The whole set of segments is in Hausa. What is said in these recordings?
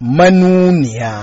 manuniya.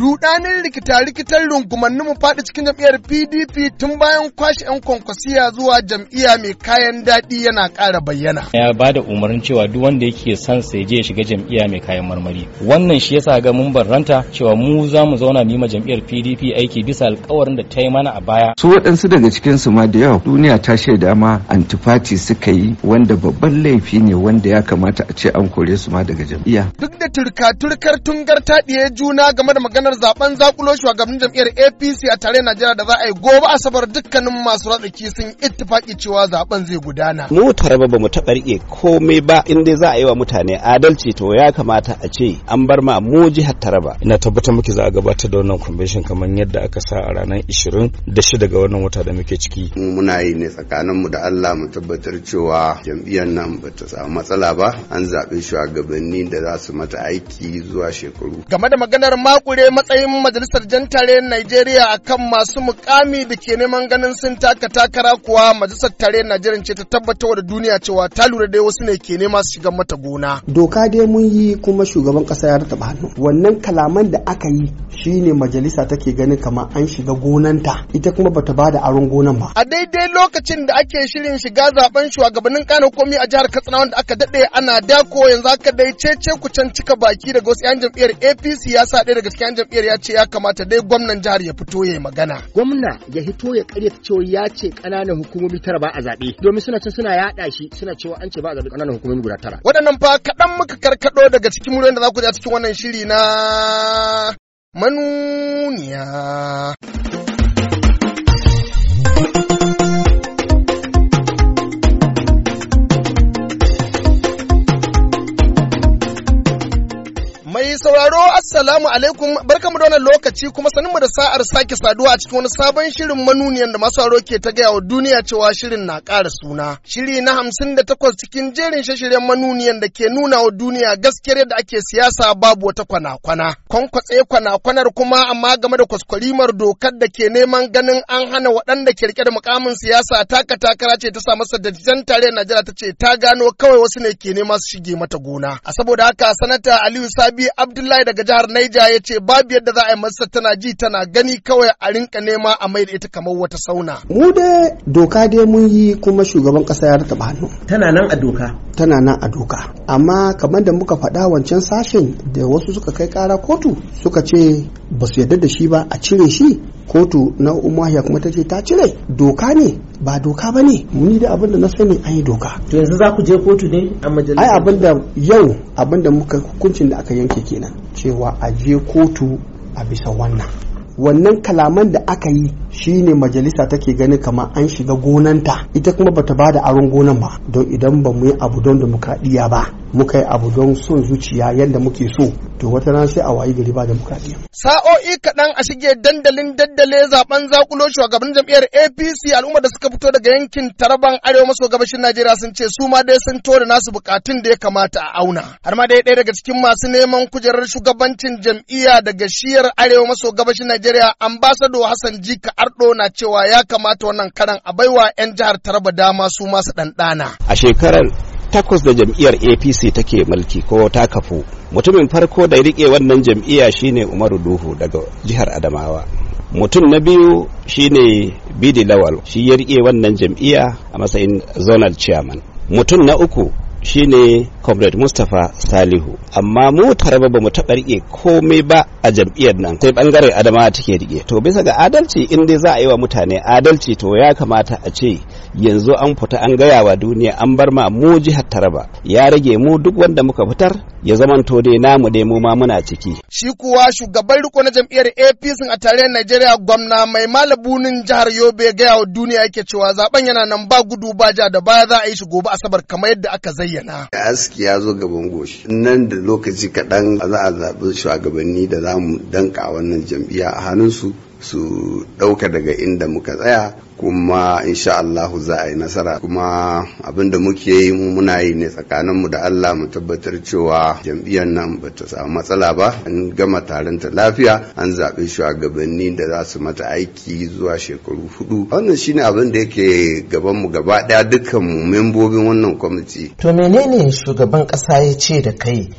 Ruɗanin rikita-rikitar rungumannin mu faɗi cikin jam'iyyar PDP tun bayan kwashe 'yan kwankwasiya zuwa jam'iyya mai kayan daɗi yana ƙara bayyana. Ya ba da umarnin cewa duk wanda yake son sai je shiga jam'iyya mai kayan marmari. Wannan shi yasa ga mun barranta cewa mu za mu zauna mu ma jam'iyyar PDP aiki bisa alƙawarin da ta yi mana a baya. Su waɗansu daga cikin su ma da yawa duniya ta shaida ma antifati suka yi wanda babban laifi ne wanda ya kamata a ce an kore su ma daga jam'iyya. Duk da turka-turkar tungar taɗiye juna game da maganar zaben zaku Kulo shugaban jam'iyyar APC a tare Najeriya da za a yi gobe Asabar dukkanin masu ratsaki sun ittifaki cewa zaben zai gudana. Mu taraba ba mu taɓa rike komai ba in dai za a yi wa mutane adalci to ya kamata a ce an bar ma mu jihar Taraba. Ina tabbatar muke za a gabatar da wannan convention kamar yadda aka sa a ranar 26 ga wannan wata da muke ciki. Muna yi ne tsakanin mu da Allah mu tabbatar cewa jam'iyyar nan ba ta samu matsala ba an zaɓi shugabanni da za su mata aiki zuwa shekaru. Game da maganar makure matsayin majalisar majalisar jantare Najeriya a kan masu mukami da ke neman ganin sun taka takara kuwa majalisar tare Najeriya ce ta tabbatar da duniya cewa ta lura dai wasu ne ke nema su shiga mata gona. Doka dai mun yi kuma shugaban kasa ya rataba hannu. Wannan kalaman da aka yi shine majalisa take ganin kamar an shiga gonanta ita kuma bata ba da aron gonan ba. A daidai lokacin da ake shirin shiga zaben shugabannin kano komi a jihar Katsina wanda aka dade ana dako yanzu aka dai cece ku can cika baki daga wasu 'yan jam'iyyar APC ya sa ɗaya daga cikin 'yan jam'iyyar ya ce ya kamata dai gwamnan jihar ya fito ya yi magana. Gwamna ya hito ya karyata cewa ya ce ƙananan hukumomi tara ba a zaɓe domin suna can suna yaɗa shi suna cewa an ce ba a zaɓe ƙananan hukumomi guda tara. Waɗannan fa kaɗan muka karkaɗo daga cikin muryoyin da za ku je a cikin wannan shiri na manuniya. mai sauraro assalamu alaikum barkamu da wannan lokaci kuma sanin mu da sa'ar sake saduwa a cikin wani sabon shirin manuniyan da masu ke ta gaya wa duniya cewa shirin na ƙara suna. Shiri na hamsin da takwas cikin jerin shashiryan manuniyan da ke nuna wa duniya gaskiyar da ake siyasa babu wata kwana-kwana. Kwankwatse kwana-kwanar kuma amma game da kwaskwarimar dokar da ke neman ganin an hana waɗanda ke rike da mukamin siyasa taka takara ce ta sa masa da tare Najeriya ta ce ta gano kawai wasu ne ke nema su shige mata gona. A saboda haka sanata Aliyu Sabi Abdullahi daga jihar Naija ya ce babu yadda za a yi masa tana ji tana gani kawai a rinka nema a mai da ita kamar wata sauna. Mu da doka dai mun yi kuma shugaban kasa ya ba. hannu. Tana nan a doka. Tana nan a doka. Amma kamar da muka faɗa wancan sashen da wasu suka kai kara kotu suka ce ba su yarda da shi ba a cire shi kotu na umahiya umm kuma ta ta cire doka ne ba doka ba ne muni da abin da na sani an yi doka to yanzu za ku je kotu ne a majalisar ai abin da yau abin da muka hukuncin da aka yanke kenan cewa a je kotu a bisa wannan wannan kalaman da aka yi shine majalisa take ganin kamar an shiga gonanta ita kuma bata bada aron gonan ba don idan ba mu yi abu don da muka demokradiyya ba muka yi abu don son zuciya yadda muke so to wata rana sai a wayi gari ba demokradiyya. Sa'o'i kaɗan a shige dandalin daddale zaben zakulo shugaban jam'iyyar APC al'ummar da suka fito daga yankin Taraban Arewa maso gabashin Najeriya sun ce su ma dai sun tore nasu bukatun da ya kamata a auna. Har ma dai daga cikin masu neman kujerar shugabancin jam'iyya daga shiyar Arewa maso gabashin Najeriya ambasado Hassan Jika Ardo na cewa ya kamata wannan karan a baiwa 'yan jihar Taraba dama su masu ɗanɗana. A shekarar takwas da jam'iyyar apc take mulki ko ta kafu mutumin farko da riƙe wannan jam'iyya shine umaru duhu daga jihar adamawa mutum na biyu shine bidi lawal shi ya rike wannan jam'iyya a matsayin zonal chairman mutum na uku shine comrade mustapha salihu amma mu taraba ba mu taɓa riƙe komai ba a jam'iyyar nan sai bangaren adamawa take rike to bisa ga adalci in dai za a yi wa mutane adalci to ya kamata a ce yanzu an fita an gaya wa duniya an bar ma mu jihar taraba ya rage mu duk wanda muka fitar ya zamanto dai namu dai mu ma muna ciki. Shi kuwa shugaban riko na jam'iyyar APC a tarayyar Najeriya gwamna mai malabunin jihar Yobe gaya wa duniya yake cewa zaben yana nan ba gudu ba ja da baya za a yi shi gobe Asabar kamar yadda aka zayyana. Aski ya zo gaban goshi. Nan da lokaci kaɗan za a zaɓi shugabanni da za mu danka wannan jam'iyya a hannunsu su ɗauka daga inda muka tsaya kuma insha Allah za a yi nasara kuma abinda muke yi muna yi ne tsakaninmu da Allah mu tabbatar cewa jam'iyyar nan ba ta samu matsala ba an gama taron ta lafiya an zaɓi shugabanni da za su mata aiki zuwa shekaru hudu wannan shine abin da yake gabanmu mu gaba ɗaya dukkan membobin wannan kwamiti to menene shugaban ƙasa ya ce da kai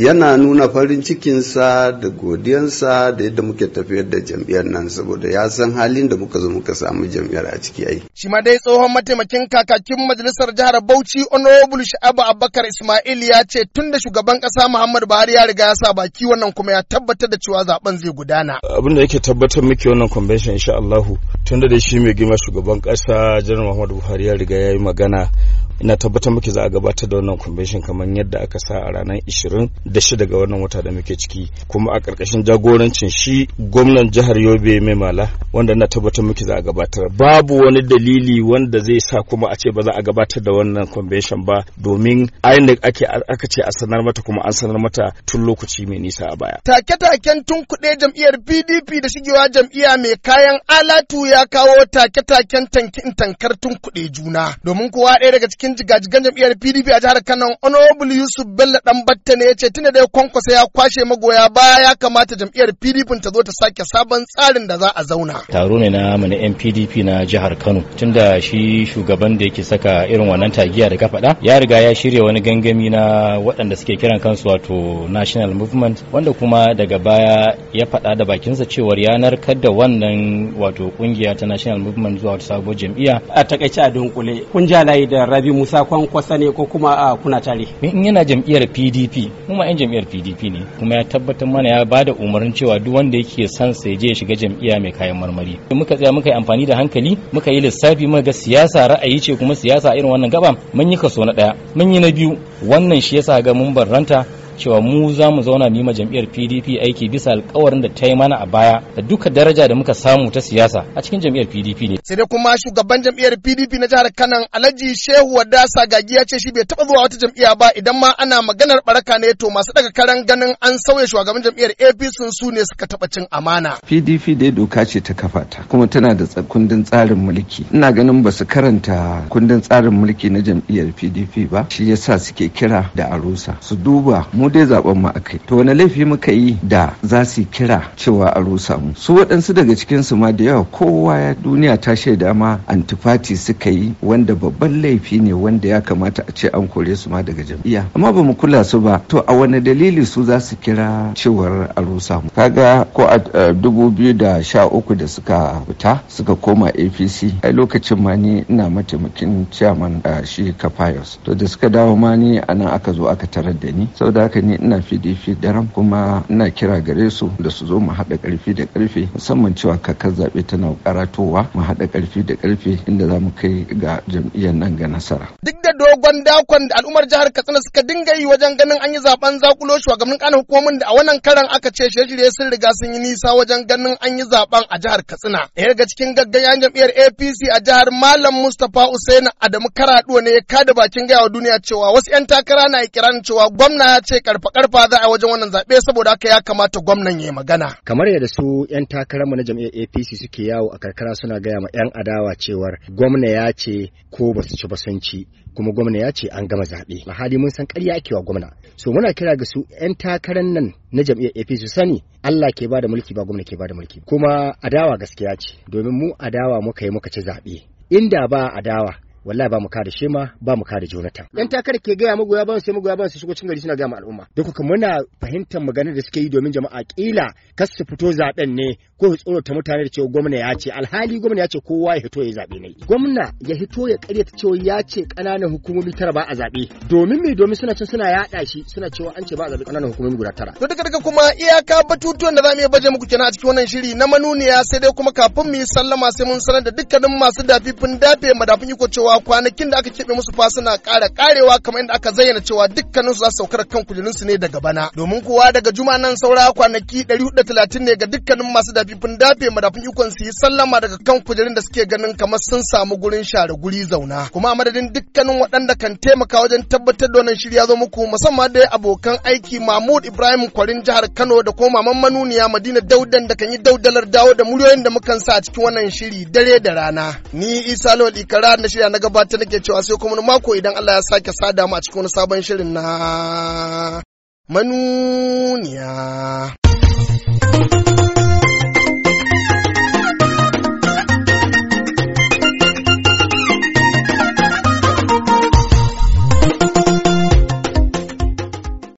yana nuna farin cikinsa da godiyansa da yadda muke tafiyar da jam'iyyar nan saboda ya san halin da muka zo muka samu jam'iyyar biyar a ciki ai. Shi ma dai tsohon mataimakin kakakin majalisar jihar Bauchi Honorable Sha'abu Abubakar Ismail ya ce tun da shugaban kasa Muhammadu Buhari ya riga ya sa baki wannan kuma ya tabbatar da cewa zaben zai gudana. Abin da yake tabbatar miki wannan convention insha Allahu tun da shi mai gima shugaban kasa Janar Muhammadu Buhari ya riga ya yi magana ina tabbatar muke za a gabatar da wannan convention kamar yadda aka sa a ranar 26 ga wannan wata da muke ciki kuma a ƙarƙashin jagorancin shi gwamnan jihar Yobe mai mala wanda ina tabbatar muke za a gabatar babu wani dalili wanda zai sa kuma a ce ba za a gabatar da wannan convention ba domin INEC ake aka ce a sanar mata kuma an sanar mata tun lokaci mai nisa a baya take-taken tun kuɗe jam'iyyar PDP da shigewa jam'iyya mai kayan alatu ya kawo take-taken tankin tankar tun kuɗe juna domin kowa ɗaya daga cikin cikin jigajigan jam'iyyar PDP a jihar Kano Honorable Yusuf Bello dan Batta ne yace tunda dai kwankwasa ya kwashe magoya baya ya kamata jam'iyyar PDP ta zo ta sake sabon tsarin da za a zauna. Taro ne na mu na PDP na jihar Kano tunda shi shugaban da yake saka irin wannan tagiya da ka faɗa ya riga ya shirya wani gangami na waɗanda suke kiran kansu wato National Movement wanda kuma daga baya ya faɗa da bakinsa cewar yanar narkar da wannan wato kungiya ta National Movement zuwa wata sabuwar jam'iyya. A takaice a dunkule kun ja layi da rabi musa kwankwasa ne ko kuma a kuna tare in yana jam'iyyar pdp kuma yan jam'iyyar pdp ne kuma ya tabbatar mana ya bada umarnin cewa duk wanda yake son sa ya je ya shiga jam'iyya mai kayan marmari muka tsaya muka yi amfani da hankali muka yi lissafi muka ga siyasa ra'ayi ce kuma siyasa irin wannan gaba mun yi kaso na ɗaya mun yi na biyu wannan shi yasa ga mun barranta cewa mu za mu zauna mu yi jam'iyyar PDP aiki bisa alkawarin da ta yi mana a baya da duka daraja da muka samu ta siyasa a cikin jam'iyyar PDP ne sai dai kuma shugaban jam'iyyar PDP na jihar kano Alhaji Shehu wadasa gagi ya ce shi bai taɓa zuwa wata jam'iyya ba idan ma ana maganar baraka ne to masu daga karan ganin an sauya shugaban jam'iyyar APC su ne suka taɓa cin amana. PDP dai doka ce ta kafa ta kuma tana da kundin tsarin mulki. Ina ganin ba su karanta kundin tsarin mulki na jam'iyyar PDP ba shi yasa suke kira da arusa su duba mu dai zaben mu akai to wani laifi muka yi da za su kira cewa arusa mu su waɗansu daga cikin su ma da yawa kowa ya duniya ta kashe dama antifati suka yi wanda babban laifi ne wanda ya kamata a ce an kore su ma daga jam'iyya amma ba mu kula su ba to a wani dalili su za su kira cewar a mu kaga ko a dubu biyu da sha uku da suka fita suka koma apc a lokacin ma ni ina mataimakin chairman shi kafayos to da suka dawo ma ni a nan aka zo aka tarar da ni Sau da haka ni ina pdp daram kuma ina kira gare su da su zo mu haɗa ƙarfi da ƙarfe musamman cewa kakar zaɓe tana karatowa mu haɗa da karfi da karfi inda za kai ga jam'iyyar nan ga nasara. Duk da dogon dakon da al'ummar jihar Katsina suka dinga yi wajen ganin an yi zaben zakulo shugabannin ƙananan hukumomin da a wannan karan aka ce shirye-shirye sun riga sun yi nisa wajen ganin an yi zaben a jihar Katsina. Ɗaya daga cikin gaggayan jam'iyyar APC a jihar Malam Mustapha Usaini Adamu Karaduwa ne ya kada bakin gaya wa duniya cewa wasu 'yan takara na ikirarin cewa gwamna ya ce karfa-karfa za a wajen wannan zaɓe saboda haka ya kamata gwamnan ya magana. Kamar yadda su 'yan takarar mu na jam'iyyar APC suke yawo a karkara suna gaya ma 'yan adawa cewar gwamna ya ce ko ba su ci ba sun ci kuma gwamna ya ce an gama zaɓe hali mun san karya ake wa gwamna so muna kira ga su 'yan takarar nan na jam'iyyar APC su sani Allah ke bada mulki ba gwamna ke ba da mulki kuma adawa gaskiya ce domin mu adawa muka yi muka ci zaɓe inda ba adawa wallahi ba mu kare shema ba mu kare jonathan yan takarar ke gaya goya ba sai goya ba su shigo cin gari suna gaya mu al'umma duk kuma muna fahimtar maganar da suke yi domin jama'a kila kas su fito zaben ne ko su tsorata mutane da cewa gwamna ya ce alhali gwamna ya ce kowa ya hito ya zabe ne gwamna ya hito ya karyata cewa ya ce kananan hukumomi tara ba a zabe domin me domin suna cin suna yada shi suna cewa an ce ba a zabe kananan hukumomi guda tara to duka-duka kuma iyaka batutuwan da mu yi baje muku kenan a cikin wannan shiri na manuniya sai dai kuma kafin mu yi sallama sai mun sanar da dukkanin masu dafifin dafe madafin iko cewa cewa kwanakin da aka keɓe musu fa suna ƙara ƙarewa kamar inda aka zayyana cewa dukkaninsu za su saukar kan kujerunsu ne daga bana domin kuwa daga juma nan saura kwanaki da talatin ne ga dukkanin masu dafifin dafe madafin ikon su yi sallama daga kan kujerun da suke ganin kamar sun samu gurin share guri zauna kuma a madadin dukkanin waɗanda kan taimaka wajen tabbatar da wannan shirya zo muku musamman da abokan aiki Mahmud Ibrahim Kwarin jihar Kano da kuma maman manuniya Madina Daudan da kan yi daudalar dawo da muryoyin da mukan sa a cikin wannan shiri dare da rana ni Isa lodi Ikara na shirya na gabatar nake cewa sai kuma mako idan Allah ya sake sada mu a cikin wani sabon shirin na manuniya.